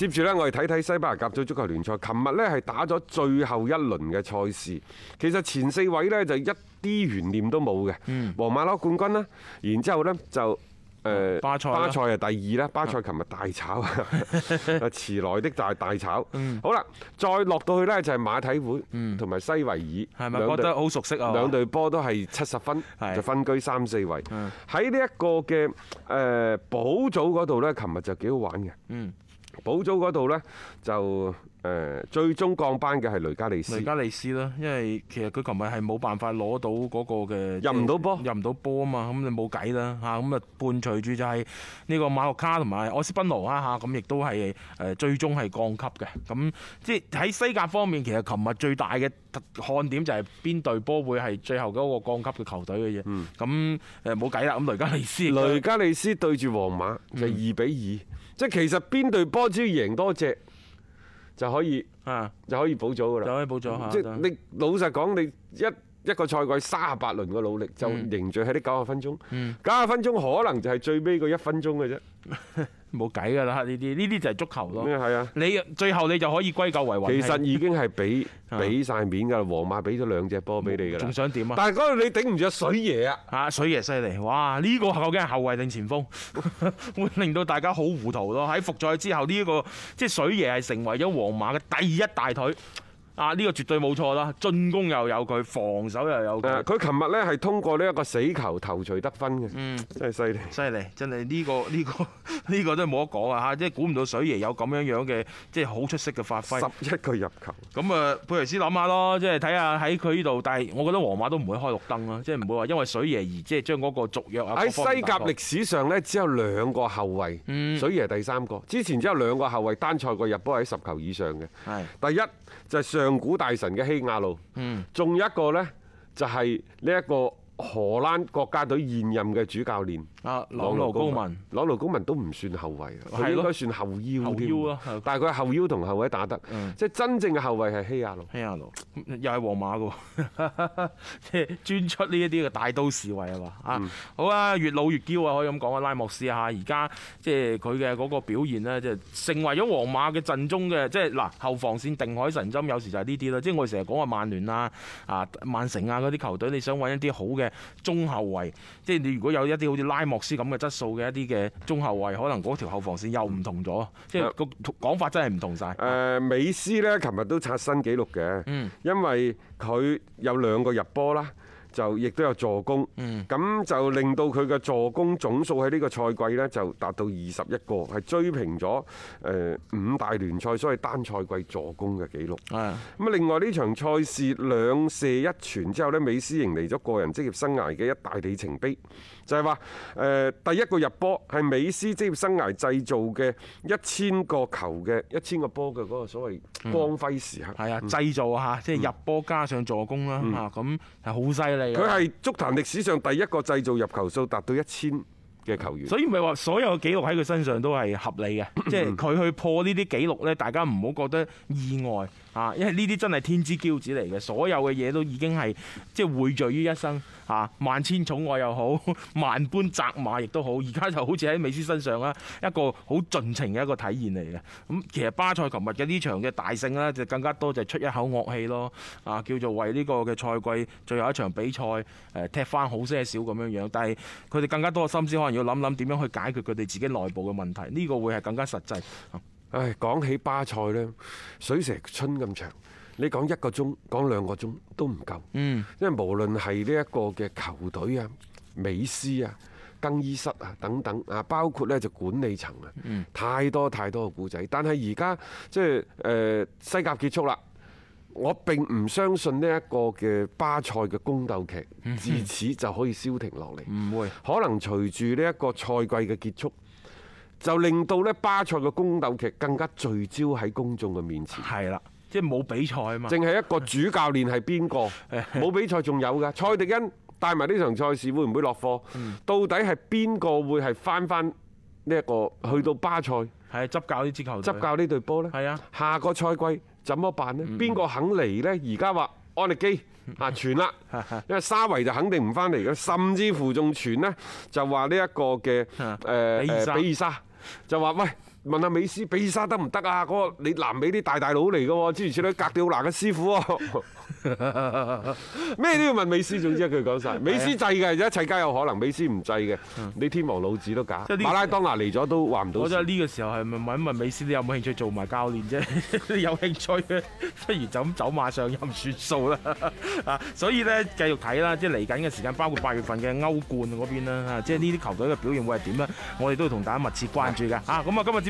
接住呢，我哋睇睇西班牙甲組足球聯賽。琴日呢係打咗最後一輪嘅賽事。其實前四位呢就一啲懸念都冇嘅。嗯，皇馬攞冠軍啦，然之後呢就、呃、巴塞巴塞係第二啦。巴塞琴日大炒啊， 遲來的就係大炒。好啦，再落到去呢就係馬體會同埋西維爾，係咪覺得好熟悉啊？兩隊波都係七十分，是的 就分居三四位。喺呢一個嘅誒保組嗰度呢，琴、呃、日就幾好玩嘅。嗯。寶祖嗰度咧就。誒，最終降班嘅係雷加利斯，雷加利斯啦，因為、嗯、其實佢琴日係冇辦法攞到嗰個嘅，入唔到波，入唔到波啊嘛，咁你冇計啦吓，咁啊伴隨住就係呢個馬洛卡同埋愛斯賓奴啊吓，咁亦都係誒最終係降級嘅，咁即係喺西甲方面，其實琴日最大嘅看點就係邊隊波會係最後嗰個降級嘅球隊嘅嘢，咁誒冇計啦，咁雷加利斯雷加利斯對住皇馬就二比二，即係其實邊隊波只要贏多隻。就可以啊，就可以補咗㗎喇，就可以補咗吓。即係、就是、對你老實講，你一。一個賽季三十八輪嘅努力，就凝聚喺呢九十分鐘。九十、嗯、分鐘可能就係最尾嗰一分鐘嘅啫，冇計噶啦，呢啲呢啲就係足球咯。係、嗯、啊你？你最後你就可以歸咎為運氣。其實已經係俾俾晒面噶啦，皇是、啊、馬俾咗兩隻波俾你噶啦，仲想點啊？但係嗰度你頂唔住水爺啊！吓，水爺犀利，哇！呢、這個究竟係後衛定前鋒？ 會令到大家好糊塗咯。喺復賽之後呢一、這個，即係水爺係成為咗皇馬嘅第一大腿。啊！呢個絕對冇錯啦，進攻又有佢，防守又有佢。佢琴日呢係通過呢一個死球頭槌得分嘅，嗯，真係犀利，犀利，真係呢個呢個。這個呢個都係冇得講啊！嚇，即係估唔到水爺有咁樣樣嘅，即係好出色嘅發揮。十一個入球。咁啊，佩雷斯諗下咯，即係睇下喺佢呢度。但係我覺得皇馬都唔會開綠燈咯，即係唔會話因為水爺而即係將嗰個續約。喺西甲歷史上呢，只有兩個後衞，嗯、水爺係第三個。之前只有兩個後衞單賽季入波喺十球以上嘅。係。是 第一就係、是、上古大神嘅希亞路，嗯。仲有一個呢，就係呢一個。荷蘭國家隊現任嘅主教練啊，朗奴高文，朗奴高文都唔算後衞，佢的應該算後腰腰咯，但係佢後腰同後衞打得，嗯、即係真正嘅後衞係希亞路。希亞路又係皇馬嘅喎，即 係專出呢一啲嘅大都市位啊嘛？啊，嗯、好啊，越老越嬌啊，可以咁講啊。拉莫斯啊，而家即係佢嘅嗰個表現咧，就成為咗皇馬嘅陣中嘅，即係嗱後防線定海神針，有時就係呢啲啦。即係我哋成日講話曼聯啊、啊曼城啊嗰啲球隊，你想揾一啲好嘅。中後衞，即係你如果有一啲好似拉莫斯咁嘅質素嘅一啲嘅中後衞，可能嗰條後防線又唔同咗，即係個講法真係唔同晒。誒、呃，美斯呢，琴日都刷新記錄嘅，因為佢有兩個入波啦。就亦都有助攻，咁就令到佢嘅助攻總數喺呢個賽季咧就達到二十一個，係追平咗誒五大聯賽所謂單賽季助攻嘅紀錄啊！咁啊的，另外呢場賽事兩射一傳之後咧，美斯迎嚟咗個人職業生涯嘅一大里程碑，就係話誒第一個入波係美斯職業生涯製造嘅一千個球嘅一千個波嘅個所謂光輝時刻。係啊，製造嚇，嗯、即係入波加上助攻啦嚇，咁係好犀利。嗯。佢係足壇歷史上第一個製造入球數達到一千嘅球員，所以唔係話所有紀錄喺佢身上都係合理嘅，即係佢去破呢啲紀錄呢，大家唔好覺得意外。啊，因為呢啲真係天之驕子嚟嘅，所有嘅嘢都已經係即係匯聚於一身，嚇，萬千寵愛又好，萬般責罵亦都好，而家就好似喺美斯身上啦，一個好盡情嘅一個體現嚟嘅。咁其實巴塞琴日嘅呢場嘅大勝啦，就更加多就出一口惡氣咯。啊，叫做為呢個嘅賽季最後一場比賽誒踢翻好些少咁樣樣，但係佢哋更加多嘅心思可能要諗諗點樣去解決佢哋自己內部嘅問題，呢個會係更加實際。唉，講起巴塞呢，水蛇春咁長，你講一個鐘，講兩個鐘都唔夠。嗯，因為無論係呢一個嘅球隊啊、美斯啊、更衣室啊等等啊，包括呢就管理層啊，太多太多嘅故仔。但係而家即係誒西甲結束啦，我並唔相信呢一個嘅巴塞嘅宮鬥劇自此就可以消停落嚟。唔會，可能隨住呢一個賽季嘅結束。就令到咧巴塞嘅宮鬥劇更加聚焦喺公眾嘅面前。係啦，即係冇比賽啊嘛。淨係一個主教練係邊個？冇比賽仲有㗎。蔡迪恩帶埋呢場賽事會唔會落課？到底係邊個會係翻翻呢一個去到巴塞？係執教呢支球執教呢隊波咧？係啊，下個賽季怎麼辦咧？邊個肯嚟咧？而家話安歷基啊，傳啦，因為沙維就肯定唔翻嚟嘅，甚至乎仲傳咧，就話呢一個嘅誒比爾沙。就話喂。問下美斯比爾沙得唔得啊？嗰個你南美啲大大佬嚟嘅喎，諸如此類難之餘似咧格丟拿嘅師傅喎，咩都要問美斯。總之佢講晒美斯制嘅，一切皆有可能。美斯唔制嘅，你天王老子都假。馬拉當拿嚟咗都話唔到。我覺得呢個時候係問問美斯你有冇興趣做埋教練啫？有興趣嘅，不如就咁走馬上任算數啦。啊，所以咧繼續睇啦，即係嚟緊嘅時間，包括八月份嘅歐冠嗰邊啦。即係呢啲球隊嘅表現會係點咧？我哋都同大家密切關注嘅。啊是的 但，咁啊今